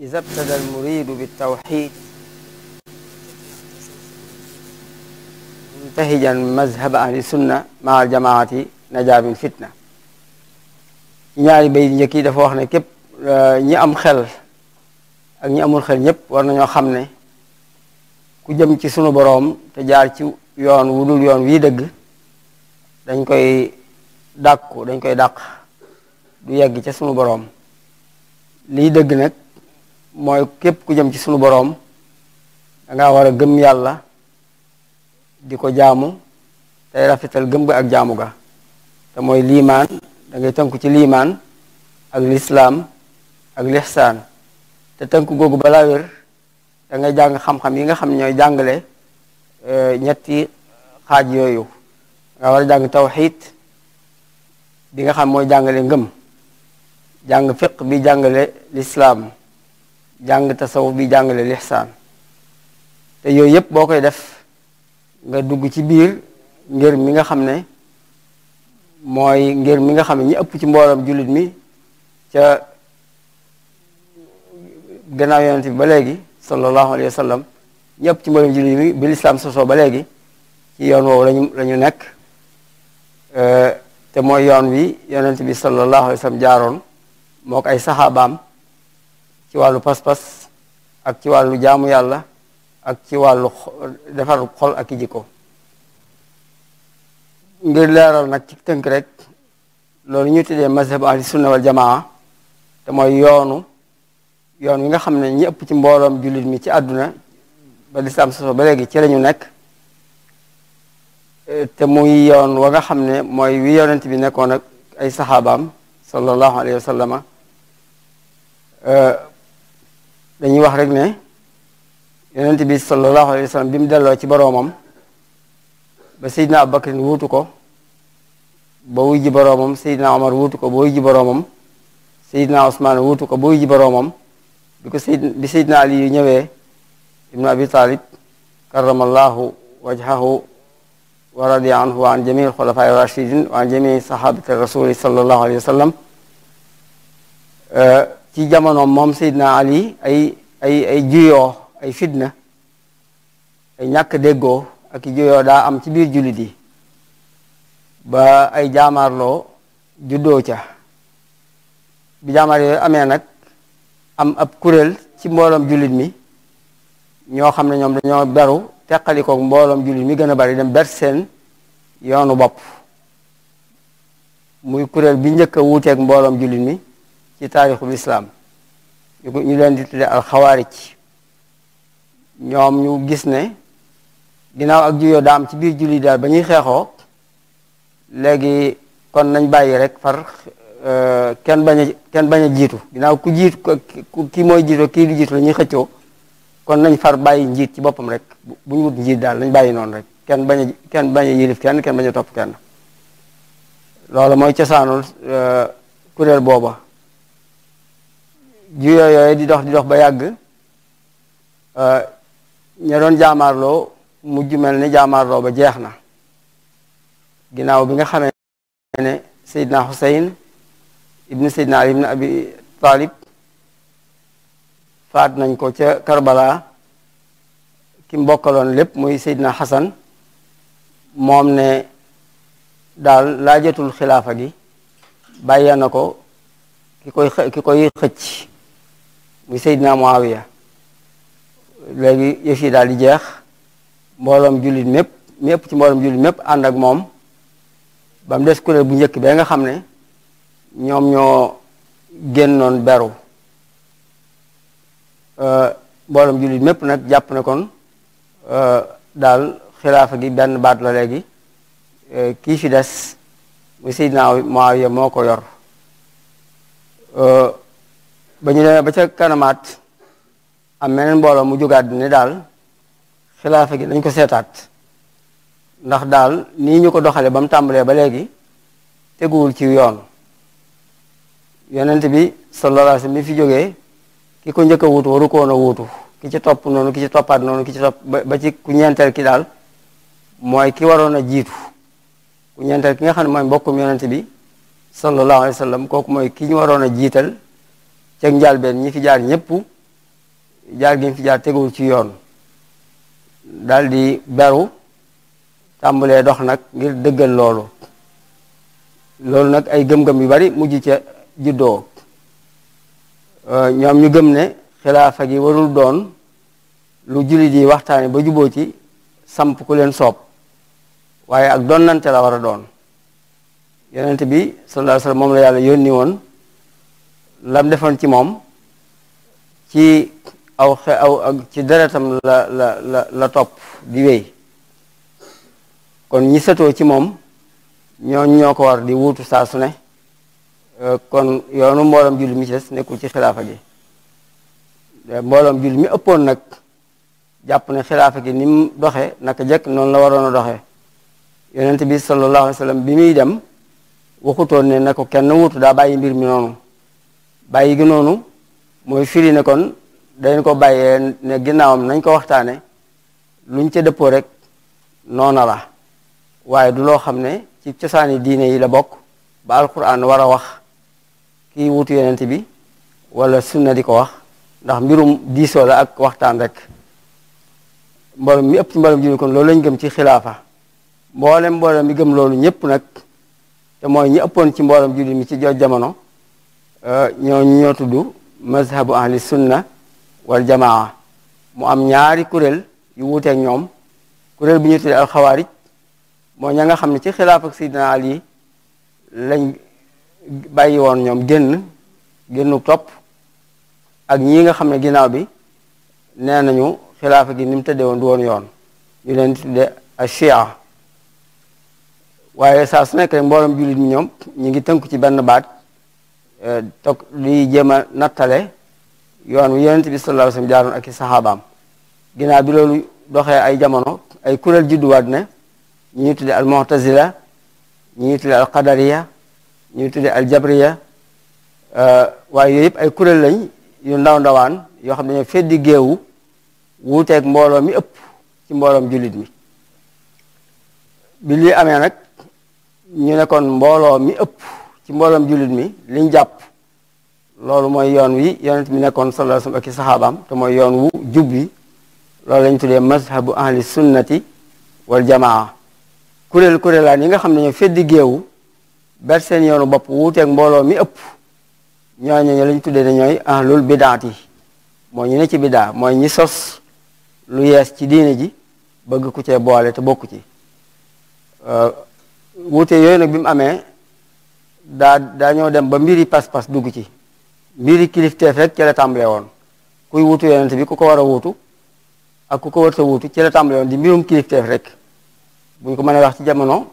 إذا ابتدى المريد بالتوحيد منتهجا مذهب أهل السنة مع الجماعة najaa min fitna ci ñaari bay njëkk yi dafa wax ne képp euh, ñi am xel ak ñi amul xel ñëpp war nañoo xam ne ku jëm ci sunu boroom te jaar ci yoon wu dul yoon wii dëgg dañ koy dàkku dañ koy dàq du yegg ca sunu boroom lii dëgg nag mooy képp ku jëm ci sunu boroom danga war gëm yàlla di ko jaamu tey rafetal gëm ga ak jaamu ga te mooy liimaan danga tënku ci liimaan ak lislaam ak lixsaan te tënku googu balaa wér da jàng xam-xam yi nga xam ñooy jàngale eh, ñetti xaaj yooyu nga war a jàng tawxiid bi nga xam mooy jàngale ngëm jàng fiq bi jàngale lislaam jàng tasawuf bi jàngale lixsaan te yooyu yëpp boo koy def nga dugg ci biir ngir mi nga xam ne mooy ngir mi nga xam ne ñi ëpp ci mboolam jullit mi ca gannaaw yonent bi ba léegi sallallahu alayhi wa sallam ñi ëpp ci mboolam jullit mi bi lislaam sosoo ba léegi ci yoon woow lañu la ñu nekk te mooy yoon wi yonent bi sallallahu alayhi wa sallam jaaroon moo ay saxaabaam ci wàllu pas-pas ak ci wàllu jaamu yàlla ak ci wàllu defaru xol ak i jikko ngir leeral nag ci tënk rek loolu ñuy tëddee mazhab ahli sunna wal te mooy yoonu yoon wi nga xam ne ñi ëpp ci mbooloom jullit mi ci àdduna ba lislaam soso ba léegi ci lañu nekk eh, te muy yoon wa nga xam ne mooy wi yonent bi nekkoon ak ay saxaabaam sallallahu alayhi wa dañuy wax rek ne yonent bi sallallahu alayhi wa sallam bi mu delloo ci boroomam ba Seydina Abubakar wuutu ko ba wuy ji boroomam Seydina Omar wuutu ko ba wuy ji boroomam Seydina Osmaan wuutu ko ba wuy ji boroomam ko Seyd bi Seydina Ali yu ñëwee ibnu Abi Talib karamallahu wajhahu wa radiya anhu wa an jamii xulafaay rashidin rasuli sallallahu alayhi wa ci jamonoom moom Seydina Ali ay ay ay juyoo ay fitna ay ñàkk déggo ak i daa am ci biir jullit yi ba ay jaamaarloo juddoo ca bi jamaar yooyu amee nag am ab kuréel ci mbooloom jullit mi ñoo xam ne ñoom dañoo beru teqalikook mbooloom jullit mi gën a bari dem ber seen yoonu bopp muy kuréel bi njëkk a wuuteeg mbooloom jullit mi ci taarixu lislaam ñu leen di tudde alxawaarij ñoom ñu gis ne ginnaaw ak juyoo daa am ci biir julli daal ba ñuy xeexoo léegi kon nañ bàyyi rek far euh, kenn bañ kenn bañ jiitu ginnaaw ku jiitu kii mooy jiitu kii di jiitu la ñuy xëccoo kon nañ far bàyyi njiit ci boppam rek bu ñu wut njiit daal nañ bàyyi noonu rek kenn bañ kenn bañ a yilif kenn kenn bañ a topp kenn loolu mooy cosaanul euh, kuréel booba juyoo yooyu di dox di dox ba yàgg euh, ña doon jaamaarloo mujj mel ni jaamaarloo ba jeex na ginnaaw bi nga xamee ne Seydina Xuseyn ibnu Seydina Ali ibnu Abi Talib faat nañ ko ca Karbala ki mbokkaloon lépp muy Seydina Xasan moom ne daal laajatul xilaafa gi bàyyee na ko ki koy ki koy xëcc bu Seydina Muawiya léegi yëf yi daal di jeex mbooloom jullit mépp mépp ci mbooloom jullit mépp ànd ak moom ba des kuréel bu njëkk bee nga xam ne ñoom ñoo génnoon beru euh, mbooloom jullit mépp nag jàpp ne kon euh, daal xilaafa gi benn baat la léegi euh, kii fi des mu Seydina Muawiya moo ko yor ba ñu ba ca kanamaat am meneen mbooloo mu jógaat ne daal xilaafa gi dañ ko seetaat ndax daal nii ñu ko doxale ba mu tàmbalee ba léegi teguwul ci yoon yonent bi sallallahu alayhi mi fi jógee ki ko njëkk a wuutu waru ko woon a wuutu ki ci topp noonu ki ci toppaat noonu ki ci topp ba ci ku ñeenteel ki daal mooy ki waroon a jiitu ku ñeenteel ki nga xam ne mooy mbokkum yonent bi sallallahu alayhi wasallam kooku mooy ki ñu waroon a jiital teg njàlbeen ñi fi jaar ñëpp jaar gi ñu fi jaar tegul ci yoon daldi di beru tàmbalee dox nag ngir dëggal loolu loolu nag ay gëm-gëm yu bari mujj ca juddoo euh, ñoom ñu gëm ne xilaafa gi warul doon lu jullit yi waxtaane ba juboo ci samp ku leen soob waaye ak donnante la war a doon yonent bi sallallahu alayhi wa moom la yàlla yónni woon lam defoon ci moom ci aw ci deretam la la la la topp di wéy kon ñi setoo ci moom ñooñ ñoo ko war di wuutu saa su ne euh, kon yoonu mbooloom julli mi ci nekkul ci xilaafa gi euh, mbooloom julli mi ëppoon nag jàpp ne xilaafa gi ni mu doxe naka jekk noonu la waroon a doxe yonent bi sallallahu alayhi bi muy dem waxutoon ne na ko kenn wuutu daa bàyyi mbir mi noonu bàyyi gi noonu mooy firi ne kon dañ ko bàyyee ne ginnaawam nañ ko waxtaane luñ ca dëppoo rek noona la waaye du loo xam ne ci cosaani diine yi la bokk ba alquran war a wax kii wutu yonent bi wala sunna ko wax ndax mbirum diisoo la ak waxtaan rek mboolem mi ëpp ci mboolem julli kon loolu lañ gëm ci xilaafa mboolem mboolem mi gëm loolu ñëpp nag te mooy ñu ëppoon ci mboolem julli mi ci joj jamono ñooñu ñoo tudd mazhabu ahli sunna wal jamaa mu am ñaari kuréel yu wuuteeg ñoom kuréel bi ñu tuddee al xawaarij moo ña nga xam ne ci xilaaf ak Ali lañ bàyyi woon ñoom génn génnu topp ak ñii nga xam ne ginnaaw bi nee nañu xilaafa gi ni mu tëddee woon du woon yoon ñu leen tudde a waaye saa su nekk mboolom mbooloom jullit ñi ñoom ñu ngi tënku ci benn baat toog luy jéem a nattale yoon wi yonent bi sallallahu alayhi wa sallam jaaroon ak i saxaabaam ginnaaw bi loolu doxee ay jamono ay kuréel judduwaat ne ñu ñu tudde al mu'tazila ñu ñu tudde al qadariya ñu ñu tudde al jabriya euh, waaye yooyu yëpp ay kuréel lañ yu ndaw ndawaan yoo xam ne ñoo feddi géewu wuuteeg mbooloo mi ëpp ci mbooloom jullit mi bi lii amee nag ñu nekkoon mbooloo mi ëpp ci mbooloom jullit mi liñ jàpp loolu mooy yoon wi yonent mi nekkoon sallallahu alayhi wasallam ak i saxaabaam te mooy yoon wu jub wi loolu lañ tuddee mazhabu ahli sunnati wal jamaa kuréel kuréelaan yi nga xam ne ñoo feddi géewu ber seen yoonu bopp wuuteeg mbooloo mi ëpp ñooñu lañ tuddee ne ñooy ahlul bidaat yi mooy ñu ne ci bidaa mooy ñu sos lu yees ci diine ji bëgg ku cee boole te bokku ci euh, wuute yooyu nag bi mu amee daa daañoo dem ba mbiri pas-pas dugg ci mbiri kilifteef rek ci la tàmbalee woon kuy wutu yonent bi ku ko war a wutu ak ku ko war sa wutu ci la woon di mbirum kilifteef rek buñ ko mën a wax ci jamono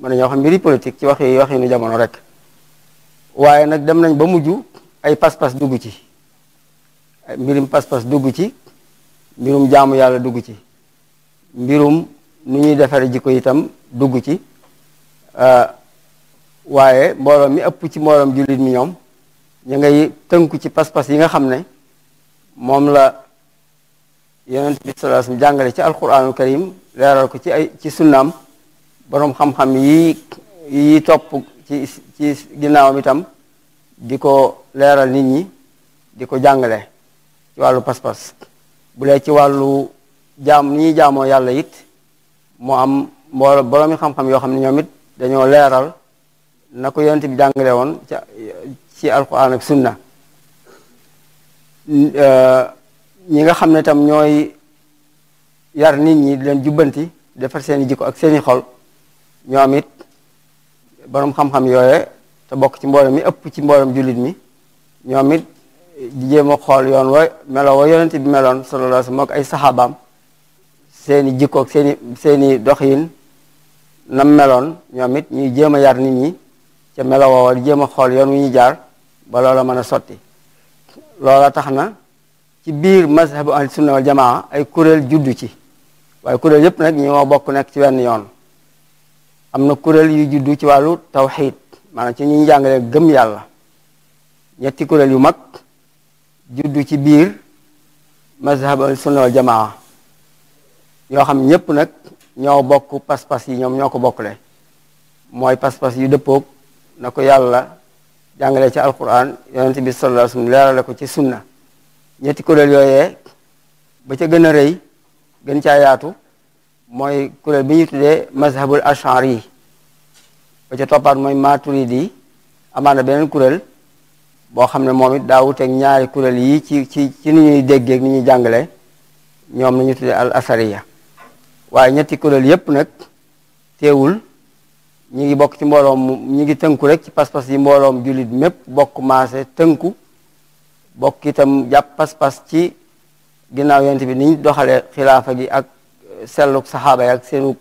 mën nañoo xam mbiri politique ci wax wax yi nu jamono rek waaye nag dem nañ ba mujj ay pas-pas dugg ci mbirum pas-pas dugg ci mbirum jaamu yàlla dugg ci mbirum nu ñuy defare jikko itam dugg ci ah, waaye mbooloom mi ëpp ci mbooloom jullit mi ñoom ñu ngay tënku ci pas yi nga xam ne moom la yonent bi sallallahu alayhi wasallam jàngale ci alquranul karim leeral ko ci ay ci sunnaam boroom xam-xam yi topp ci ci ginnaawam itam di ko leeral nit ñi di ko jàngale ci wàllu pas bu lee ci wàllu jaam ni ñuy jaamoo yàlla it moo am mbooloo boroomi xam-xam yoo xam ne ñoom it dañoo leeral na ko yonent bi jàngale woon ca ci alquran ak sunna euh, ñi nga xam ne tam ñooy yar nit ñi di leen jubbanti defar seeni jikko ak seeni xol ñoom it boroom xam-xam yooye te bokk ci mboolem mi ëpp ci mboolem jullit mi ñoom it di jéem a xool yoon wa melo wa bi meloon sallallahu alayhi wasallam ak ay saxaabaam seeni jikko seeni doxin nam meloon ñoom it ñuy jéem a yar nit ñi ca melowoo jéem a xool yoon wu ñu jaar ba loola mën a sotti loola tax na ci biir mazhabu ahli sunna wal jamaa ay kuréel juddu ci waaye kuréel yëpp nag ñoo bokk nekk ci wenn yoon am na kuréel yu juddu ci wàllu tawxid maanaam ci ñuy jàngale gëm yàlla ñetti kuréel yu mag juddu ci biir mazhab al sunna jamaa yoo xam ñëpp nag ñoo bokk pas-pas yi ñoom ñoo ko bokkle mooy pas-pas yu dëppoog na ko yàlla jàngale ci alquran yonent bi sallallahu alayhi wasallam leerale ko ci sunna ñetti kuréel yooyee ba ca gën a rëy gën caa yaatu mooy kuréel bi ñu tuddee mazhabul ashari yi ba ca toppaat mooy maturidi amaana beneen kuréel boo xam ne moom it daa wuteeg ñaari kuréel yi ci ci ci ni ñuy déggeeg ni ñuy jàngale ñoom la ñu tuddee al asariya waaye ñetti kuréel yépp nag teewul ñu ngi bokk ci mbooloom ñu ngi tënku rek ci pas-pas yi mbooloom julit mépp bokk maase tënku bokk itam jàpp pas-pas ci ginnaaw yonent bi niñ doxalee kilaafa gi ak euh, selluk saxaaba yi ak seenu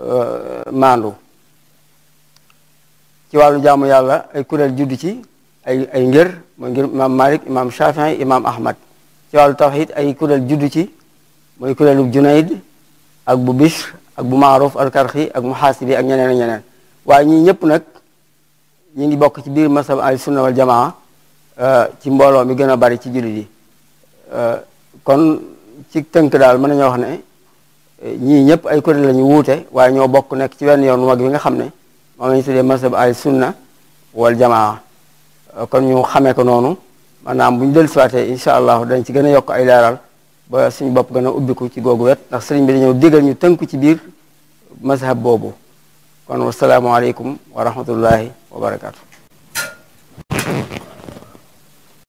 euh, maandu ci wàllu jaamu yàlla ay kuréel juddu ci ay ay ngir mooy ngir imaam Malik imaam Shafii imaam Ahmad ci wàllu tawxiid ay kuréel juddu ci mooy kuréelu Junayd ak bu Bishr ak bu maaruf alkarxi ak muhaasibi ak ñeneen ñeneen waaye ñii ñëpp nag ñu ngi bokk ci biir masab ay sunna wal jamaa euh, ci mbooloo mi gën a bari ci jullit yi euh, kon ci tënk daal mën nañoo wax ne euh, ñii ñëpp ay kuréel la ñu wuute waaye ñoo bokk nekk ci wenn yoon mag bi nga xam ne moom la ñu tuddee masab al sunna wal jamaa kon ñu xamee ko noonu maanaam bu ñu dellusiwaatee incha allah dañ ci gën a yokk ay leeral ba suñu bopp gën a ubbiku ci googu wet ndax sëriñ bi dañoo digal ñu tënku ci biir mazhab boobu kon wasalaamaaleykum wa rahmatullahi wa barakaatu.